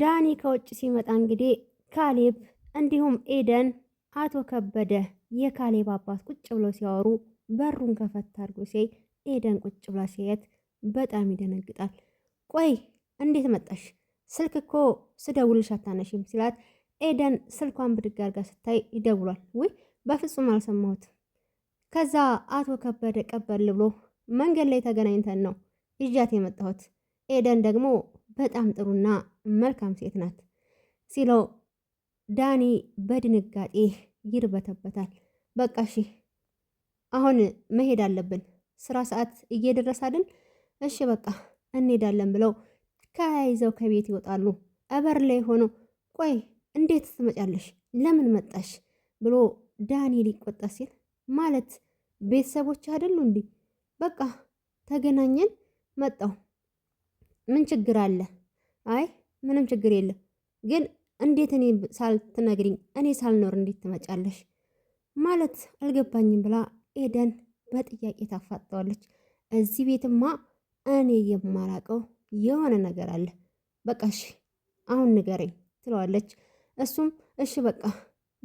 ዳኒ ከውጭ ሲመጣ እንግዲህ ካሌብ እንዲሁም ኤደን አቶ ከበደ የካሌብ አባት ቁጭ ብለው ሲያወሩ በሩን ከፈታ አድርጎ ሲያይ ኤደን ቁጭ ብላ ሲያየት በጣም ይደነግጣል። ቆይ እንዴት መጣሽ? ስልክ እኮ ስደውልሽ አታነሽም ሲላት ኤደን ስልኳን ብድግ አድርጋ ስታይ ይደውሏል። ውይ በፍጹም አልሰማሁት። ከዛ አቶ ከበደ ቀበል ብሎ መንገድ ላይ ተገናኝተን ነው ይዣት የመጣሁት። ኤደን ደግሞ በጣም ጥሩና መልካም ሴት ናት ሲለው ዳኒ በድንጋጤ ይርበተበታል። በቃ እሺ አሁን መሄድ አለብን፣ ስራ ሰዓት እየደረሳልን? እሺ በቃ እንሄዳለን ብለው ከያይዘው ከቤት ይወጣሉ። እበር ላይ ሆኖ ቆይ እንዴት ትመጫለሽ? ለምን መጣሽ? ብሎ ዳኒ ሊቆጣ ሲል ማለት ቤተሰቦች አይደሉ እንዴ? በቃ ተገናኘን መጣው ምን ችግር አለ? አይ ምንም ችግር የለም። ግን እንዴት እኔ ሳልትነግሪኝ እኔ ሳልኖር እንዴት ትመጫለሽ? ማለት አልገባኝም ብላ ኤደን በጥያቄ ታፋጠዋለች። እዚህ ቤትማ እኔ የማላቀው የሆነ ነገር አለ። በቃ እሺ አሁን ንገረኝ ትለዋለች። እሱም እሺ በቃ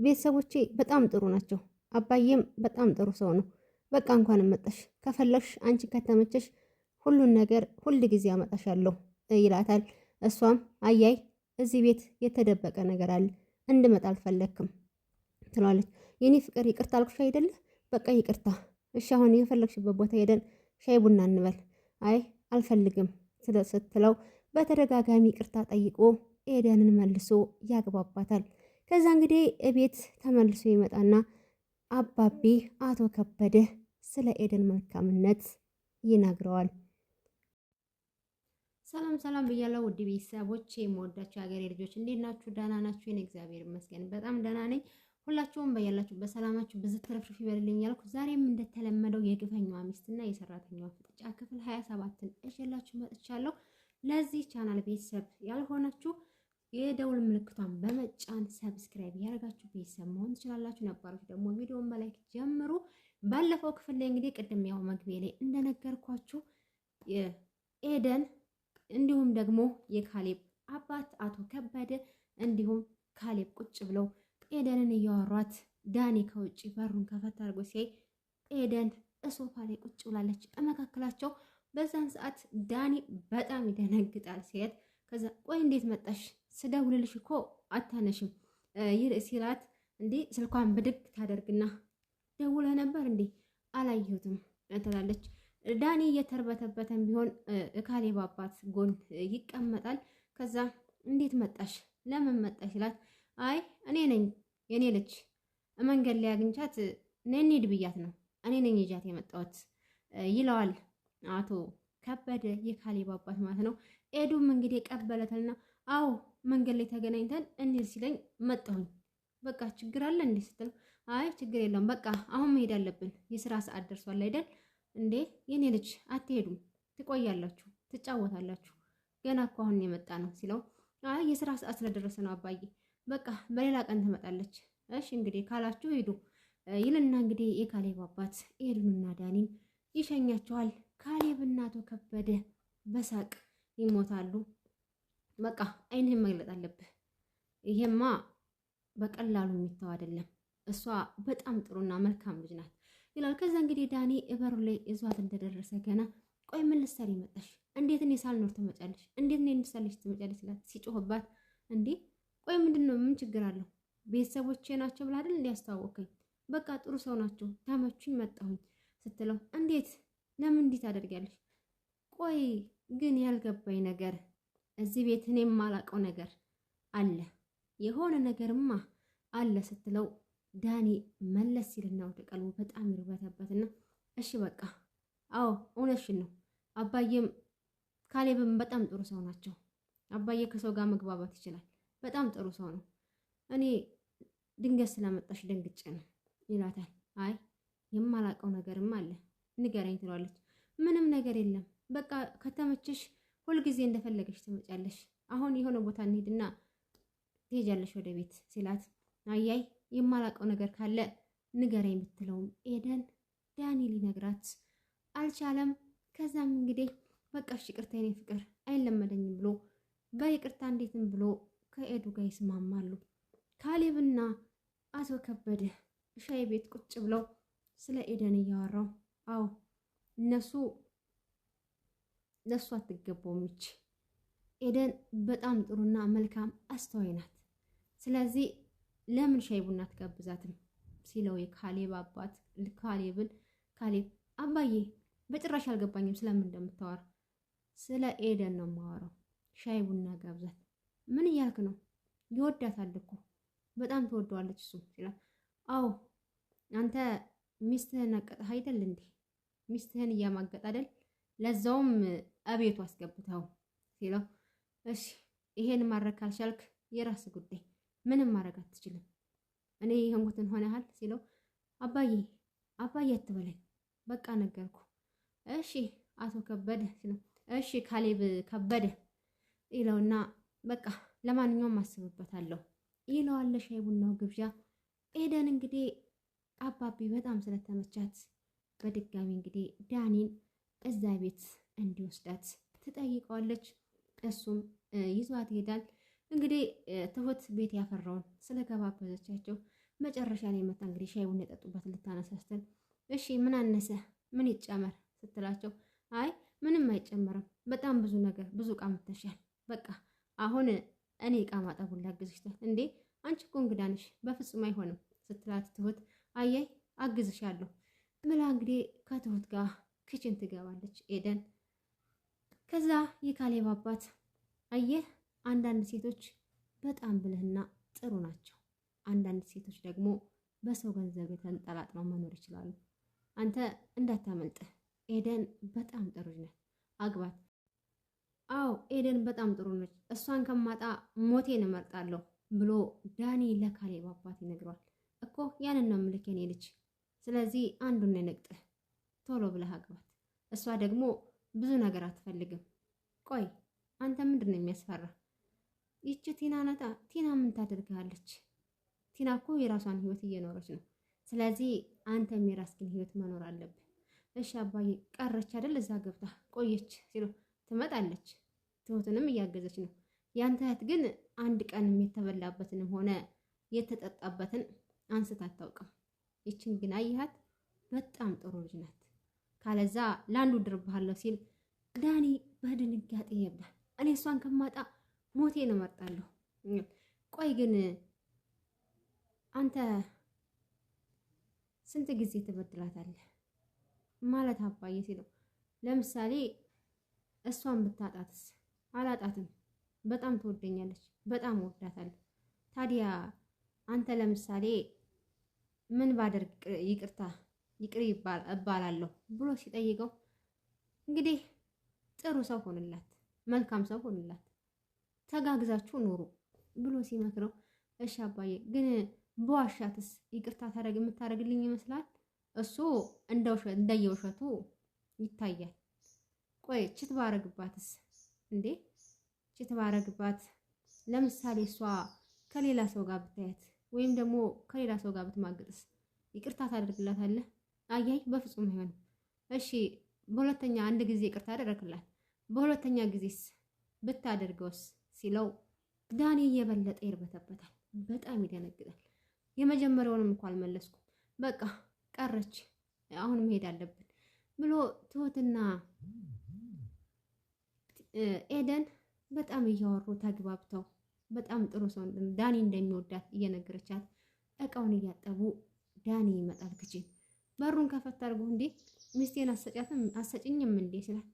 ቤተሰቦቼ በጣም ጥሩ ናቸው። አባዬም በጣም ጥሩ ሰው ነው። በቃ እንኳን መጣሽ። ከፈለግሽ አንቺ ከተመቸሽ ሁሉን ነገር ሁል ጊዜ አመጣሻለሁ ይላታል። እሷም አያይ እዚህ ቤት የተደበቀ ነገር አለ እንድመጣ አልፈለግክም ትለዋለች። የኔ ፍቅር ይቅርታ አልኩሽ አይደለ? በቃ ይቅርታ። እሺ አሁን የፈለግሽበት ቦታ ሄደን ሻይ ቡና እንበል። አይ አልፈልግም ስትለው በተደጋጋሚ ይቅርታ ጠይቆ ኤደንን መልሶ ያግባባታል። ከዛ እንግዲህ እቤት ተመልሶ ይመጣና አባቤ አቶ ከበደ ስለ ኤደን መልካምነት ይነግረዋል። ሰላም ሰላም ብያለሁ ውድ ቤተሰቦች የምወዳችሁ የሀገሬ ልጆች እንዴት ናችሁ? ደህና ናችሁ? የእኔ እግዚአብሔር ይመስገን በጣም ደህና ነኝ። ሁላችሁም በያላችሁ በሰላማችሁ ብዙ ትርፍርፍ ይበልልኝ ያልኩ ዛሬም እንደተለመደው የግፈኛዋ ሚስትና የሰራተኛዋ ፍጥጫ ክፍል ሀያ ሰባትን እሽላችሁ መጥቻለሁ። ለዚህ ቻናል ቤተሰብ ያልሆናችሁ የደውል ምልክቷን በመጫን ሰብስክራይብ ያደርጋችሁ ቤተሰብ መሆን ትችላላችሁ። ነባሮች ደግሞ ቪዲዮን በላይክ ጀምሩ። ባለፈው ክፍል ላይ እንግዲህ ቅድም ያው መግቢያ ላይ እንደነገርኳችሁ ኤደን እንዲሁም ደግሞ የካሌብ አባት አቶ ከበደ እንዲሁም ካሌብ ቁጭ ብለው ኤደንን እያወሯት ዳኒ ከውጭ በሩን ከፈት አድርጎ ሲያይ ኤደን እሶፋ ላይ ቁጭ ብላለች መካከላቸው። በዛን ሰዓት ዳኒ በጣም ይደነግጣል ሲያት። ከዛ ቆይ እንዴት መጣሽ? ስደውልልሽ እኮ አታነሽም ሲላት፣ እንዴ ስልኳን ብድግ ታደርግና ደውለ ነበር እንዴ አላየሁትም ትላለች። ዳኒ እየተርበተበተን ቢሆን እካሌብ አባት ጎን ይቀመጣል። ከዛ እንዴት መጣሽ? ለምን መጣሽ? ይላት። አይ እኔ ነኝ የኔ ልጅ መንገድ ላይ አግኝቻት እንሂድ ብያት ነው እኔ ነኝ ይዣት የመጣሁት ይለዋል። አቶ ከበደ የካሌብ አባት ማለት ነው። ኤዱም እንግዲህ ቀበለትና አዎ መንገድ ላይ ተገናኝተን እንሂድ ሲለኝ መጣሁኝ። በቃ ችግር አለ እንዴ ስትል አይ ችግር የለውም በቃ አሁን መሄድ አለብን የስራ ሰዓት ደርሷል አይደል እንዴ የኔ ልጅ አትሄዱም፣ ትቆያላችሁ፣ ትጫወታላችሁ። ገና እኮ አሁን የመጣ ነው ሲለው፣ አይ የስራ ሰዓት ስለደረሰ ነው አባዬ፣ በቃ በሌላ ቀን ትመጣለች። እሺ እንግዲህ ካላችሁ ሂዱ ይልና እንግዲህ የካሌብ አባት ኤዱንና ዳኒን ይሸኛቸዋል። ካሌብ እናቱ ከበደ በሳቅ ይሞታሉ። በቃ አይንህን መግለጥ አለብህ። ይሄማ በቀላሉ የሚተው አይደለም። እሷ በጣም ጥሩና መልካም ልጅ ናት። ይላል። ከዛ እንግዲህ ዳኒ እበሩ ላይ እዟት እንደደረሰ ገና ቆይ ምን ልትሰሪ መጣሽ? እንዴት እኔ ሳልኖር ትመጫለሽ? እንዴት እኔ እንድሳለሽ ትመጫለሽ? ይላል ሲጮህባት። እንዴ ቆይ ምንድን ነው? ምን ችግር አለው? ቤተሰቦቼ ናቸው ብላ አይደል እንዲያስተዋወቀኝ በቃ ጥሩ ሰው ናቸው ተመቹኝ፣ መጣሁኝ ስትለው እንዴት ለምን እንዲህ ታደርጊያለሽ? ቆይ ግን ያልገባኝ ነገር እዚህ ቤት እኔ የማላውቀው ነገር አለ የሆነ ነገርማ አለ ስትለው ዳኒ መለስ ሲልና ወደ ቀልቡ በጣም ይርበተበትና እሺ በቃ አዎ እውነትሽን ነው አባዬም ካሌብም በጣም ጥሩ ሰው ናቸው። አባዬ ከሰው ጋር መግባባት ይችላል። በጣም ጥሩ ሰው ነው። እኔ ድንገት ስለመጣሽ ደንግጬ ነው ይላታል። አይ የማላቀው ነገርም አለ ንገረኝ ትሏለች። ምንም ነገር የለም በቃ ከተመችሽ ሁልጊዜ እንደፈለገሽ ትመጫለሽ። አሁን የሆነ ቦታ እንሄድና ትሄጃለሽ ወደ ቤት ሲላት አያይ የማላውቀው ነገር ካለ ንገረ የምትለውም ኤደን ዳኒ ሊነግራት አልቻለም። ከዛም እንግዲህ በቃ ይቅርታ የኔ ፍቅር አይለመደኝም ብሎ በይቅርታ እንዴትም ብሎ ከኤዱ ጋር ይስማማሉ። ካሌብና አቶ ከበደ ሻይ ቤት ቁጭ ብለው ስለ ኤደን እያወራው፣ አዎ እነሱ ለእሱ አትገባውም ይች ኤደን በጣም ጥሩና መልካም አስተዋይ ናት። ስለዚህ ለምን ሻይ ቡና አትጋብዛትም ሲለው የካሌብ አባት ካሌብን ካሌብ አባዬ በጭራሽ አልገባኝም ስለምን እንደምታወራ ስለ ኤደን ነው የማወራው ሻይ ቡና ጋብዛት ምን እያልክ ነው ይወዳታል እኮ በጣም ትወደዋለች እሱ ይላል አዎ አንተ ሚስትህን አቀጥህ አይደል እንዴ ሚስትህን እያማገጥ አይደል ለዛውም አቤቱ አስገብተው ሲለው እሺ ይሄን ማድረግ ካልሻልክ የራስ ጉዳይ ምንም ማድረግ አትችልም። እኔ የሆንኩትን ሆነሃል ሲለው አባዬ አባዬ አትበለኝ፣ በቃ ነገርኩ። እሺ አቶ ከበደ ሲለው እሺ ካሌብ ከበደ ይለውና በቃ ለማንኛውም አስብበታለሁ ይለዋል። ሻይ ቡናው ግብዣ ኤደን እንግዲህ አባቢ በጣም ስለተመቻት በድጋሚ እንግዲህ ዳኒን እዛ ቤት እንዲወስዳት ትጠይቀዋለች። እሱም ይዟት ይሄዳል። እንግዲህ ትሁት ቤት ያፈራውን ስለገባበዘቻቸው መጨረሻ ላይ መጣ። እንግዲህ ሻይቡን የጠጡበት ልታነሳስተን እሺ ምን አነሰ ምን ይጨመር ስትላቸው አይ ምንም አይጨመርም፣ በጣም ብዙ ነገር ብዙ እቃ መተሻል። በቃ አሁን እኔ እቃ ማጠቡን ላግዝሽታል። እንዴ አንቺ እኮ እንግዳ ነሽ፣ በፍጹም አይሆንም ስትላት ትሁት አያይ አግዝሻለሁ ምላ እንግዲህ ከትሁት ጋር ክችን ትገባለች ኤደን። ከዛ የካሌብ አባት አየህ አንዳንድ ሴቶች በጣም ብልህና ጥሩ ናቸው። አንዳንድ ሴቶች ደግሞ በሰው ገንዘብ የተንጠላጥለው መኖር ይችላሉ። አንተ እንዳታመልጥህ። ኤደን በጣም ጥሩ ነች፣ አግባት። አዎ ኤደን በጣም ጥሩ ነች፣ እሷን ከማጣ ሞቴን እመርጣለሁ ብሎ ዳኒ ለካሌብ አባት ይነግሯል። እኮ ያንን ነው ምልክ የኔ ልጅ። ስለዚህ አንዱን ነቅጥህ ቶሎ ብለህ አግባት። እሷ ደግሞ ብዙ ነገር አትፈልግም። ቆይ አንተ ምንድን ነው የሚያስፈራ? ይቺ ቲና ናታ። ቲና ምን ታደርግሃለች? ቲና እኮ የራሷን ህይወት እየኖረች ነው። ስለዚህ አንተም የራስህን ህይወት መኖር አለብህ። እሺ አባዬ ቀረች አይደል? እዛ ገብታ ቆየች ሲሉ ትመጣለች። ትሁትንም እያገዘች ነው። ያንተ እህት ግን አንድ ቀንም የተበላበትንም ሆነ የተጠጣበትን አንስታ አታውቅም። ይችን ግን አይሃት፣ በጣም ጥሩ ልጅ ናት። ካለዛ ለአንዱ ድርብሃለሁ ሲል ዳኒ በድንጋጤ ይብዳል። እኔ እሷን ከማጣ ሞቴን እመርጣለሁ። ቆይ ግን አንተ ስንት ጊዜ ትበድላታለህ? ማለት አባዬ ሲለው ለምሳሌ እሷን ብታጣትስ? አላጣትም። በጣም ትወደኛለች፣ በጣም እወዳታለሁ። ታዲያ አንተ ለምሳሌ ምን ባደርግ ይቅርታ ይቅር እባላለሁ ብሎ ሲጠይቀው እንግዲህ ጥሩ ሰው ሆንላት፣ መልካም ሰው ሆንላት። ተጋግዛችሁ ኑሩ ብሎ ሲመክረው፣ እሺ አባዬ ግን በዋሻትስ ይቅርታ የምታደርግልኝ ይመስላል? እሱ እንደየውሸቱ ይታያል። ቆይ ችት ባረግባትስ? እንዴ ችት ባረግባት፣ ለምሳሌ እሷ ከሌላ ሰው ጋር ብታያት ወይም ደግሞ ከሌላ ሰው ጋር ብትማግጥስ ይቅርታ ታደርግላታለህ? አያይ በፍጹም አይሆንም። እሺ በሁለተኛ አንድ ጊዜ ይቅርታ አደረግላት፣ በሁለተኛ ጊዜስ ብታደርገውስ? ሲለው ዳኔ እየበለጠ ይርበተበታል። በጣም ይደነግጣል። የመጀመሪያውንም እንኳ አልመለስኩም፣ በቃ ቀረች፣ አሁን መሄድ አለብን ብሎ ትሁትና ኤደን በጣም እያወሩ ተግባብተው በጣም ጥሩ ሰው ዳኒ እንደሚወዳት እየነገረቻት እቃውን እያጠቡ ዳኒ ይመጣል። ክችን በሩን ከፈት አድርጎ እንዴ ሚስቴን አሰጫትም አሰጭኝም እንዴ ስላል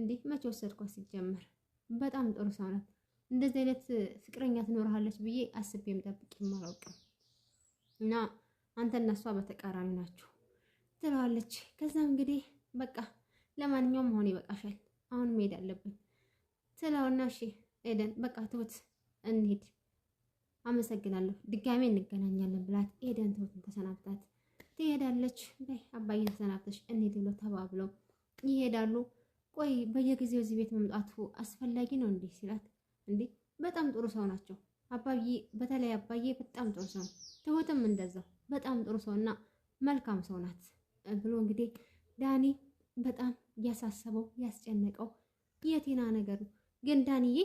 እንዴ መቼ ወሰድኳ ሲጀመር በጣም ጥሩ ሰው ናት እንደዚህ አይነት ፍቅረኛ ትኖርሃለች ብዬ አስቤም ጠብቄም አላውቅም እና አንተ እና እሷ በተቃራኒ ናችሁ ትለዋለች። ከዛ እንግዲህ በቃ ለማንኛውም መሆን ይበቃሻል፣ አሁን መሄድ አለብን ትለውና እሺ ኤደን በቃ ትሁት እንሂድ፣ አመሰግናለሁ፣ ድጋሜ እንገናኛለን ብላት ኤደን ትሁትን ተሰናብታት ትሄዳለች። በይ አባዬን ተሰናብተሽ እንሂድ ብለው ተባብለው ይሄዳሉ። ቆይ በየጊዜው እዚህ ቤት መምጣቱ አስፈላጊ ነው እንዴ ሲላት እንዴ በጣም ጥሩ ሰው ናቸው። አባዬ በተለይ አባዬ በጣም ጥሩ ሰው፣ ትሁትም እንደዛው በጣም ጥሩ ሰውና መልካም ሰው ናት ብሎ እንግዲህ ዳኒ በጣም ያሳሰበው ያስጨነቀው የቴና ነገር ነው። ግን ዳኒዬ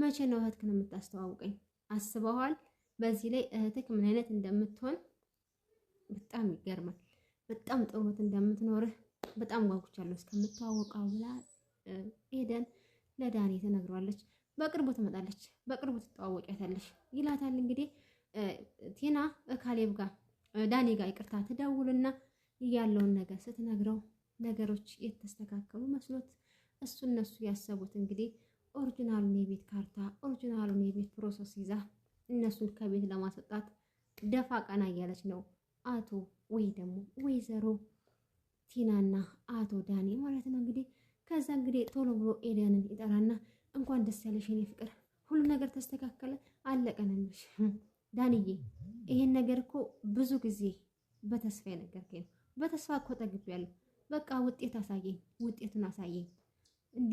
መቼ ነው እህትክን የምታስተዋውቀኝ? አስበዋል? በዚህ ላይ እህትክ ምን አይነት እንደምትሆን በጣም ይገርማል። በጣም ጥሩ እህት እንደምትኖርህ በጣም ጓጉቻለሁ እስከምትዋወቀው ብላ ሄደን ለዳኒ ትነግሯለች። በቅርቡ ትመጣለች፣ በቅርቡ ትተዋወቂያታለሽ ይላታል። እንግዲህ ቲና ካሌብ ጋር ዳኒ ጋር ይቅርታ ትደውልና ያለውን ነገር ስትነግረው ነገሮች የተስተካከሉ መስሎት እሱ እነሱ ያሰቡት እንግዲህ ኦሪጂናሉን የቤት ካርታ ኦሪጂናሉን የቤት ፕሮሰስ ይዛ እነሱን ከቤት ለማስወጣት ደፋ ቀና እያለች ነው። አቶ ወይ ደግሞ ወይዘሮ ቲናና አቶ ዳኒ ማለት ነው እንግዲህ ከዛ እንግዲህ ቶሎ ብሎ ኤደንን ይጠራና እንኳን ደስ ያለሽ የኔ ፍቅር፣ ሁሉ ነገር ተስተካከለ አለቀ ነልሽ። ዳንዬ ይሄን ነገር እኮ ብዙ ጊዜ በተስፋ የነገርከኝ ነው። በተስፋ እኮ ጠግቤያለሁ። በቃ ውጤት አሳየኝ፣ ውጤቱን አሳየኝ። እንዴ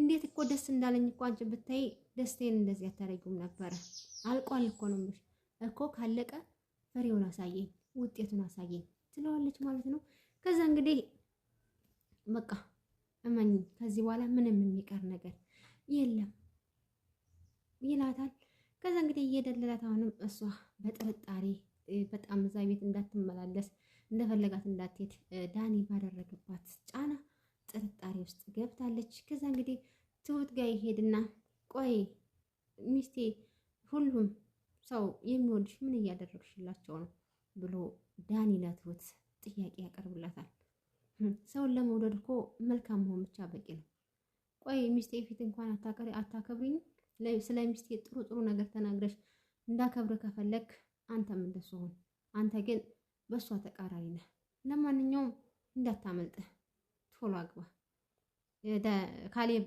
እንዴት እኮ ደስ እንዳለኝ እኮ አንቺ ብታይ ደስቴን እንደዚህ አታደርጊውም ነበረ። አልቋል እኮ ነው የምልሽ እኮ ካለቀ ፍሬውን አሳየኝ፣ ውጤቱን አሳየኝ ትለዋለች ማለት ነው። ከዛ እንግዲህ በቃ እመኝ ከዚህ በኋላ ምንም የሚቀር ነገር የለም ይላታል። ከዛ እንግዲህ እየደለላት አሁንም እሷ በጥርጣሬ በጣም እዛ ቤት እንዳትመላለስ እንደፈለጋት እንዳትሄድ ዳኒ ባደረገባት ጫና ጥርጣሬ ውስጥ ገብታለች። ከዛ እንግዲህ ትሁት ጋር ይሄድና ቆይ ሚስቴ፣ ሁሉም ሰው የሚወድሽ ምን እያደረግሽላቸው ነው ብሎ ዳኒ ለትሁት ጥያቄ ያቀርብላታል። ሰውን ለመውደድ እኮ መልካም መሆን ብቻ በቂ ነው ቆይ ሚስቴ ፊት እንኳን አታከብሪኝ። ስለ ሚስቴ ጥሩ ጥሩ ነገር ተናግረሽ እንዳከብር ከፈለግ አንተም እንደሱ ሆን። አንተ ግን በእሷ ተቃራኒ ነህ። ለማንኛውም እንዳታመልጥ ቶሎ አግባ ካሌብ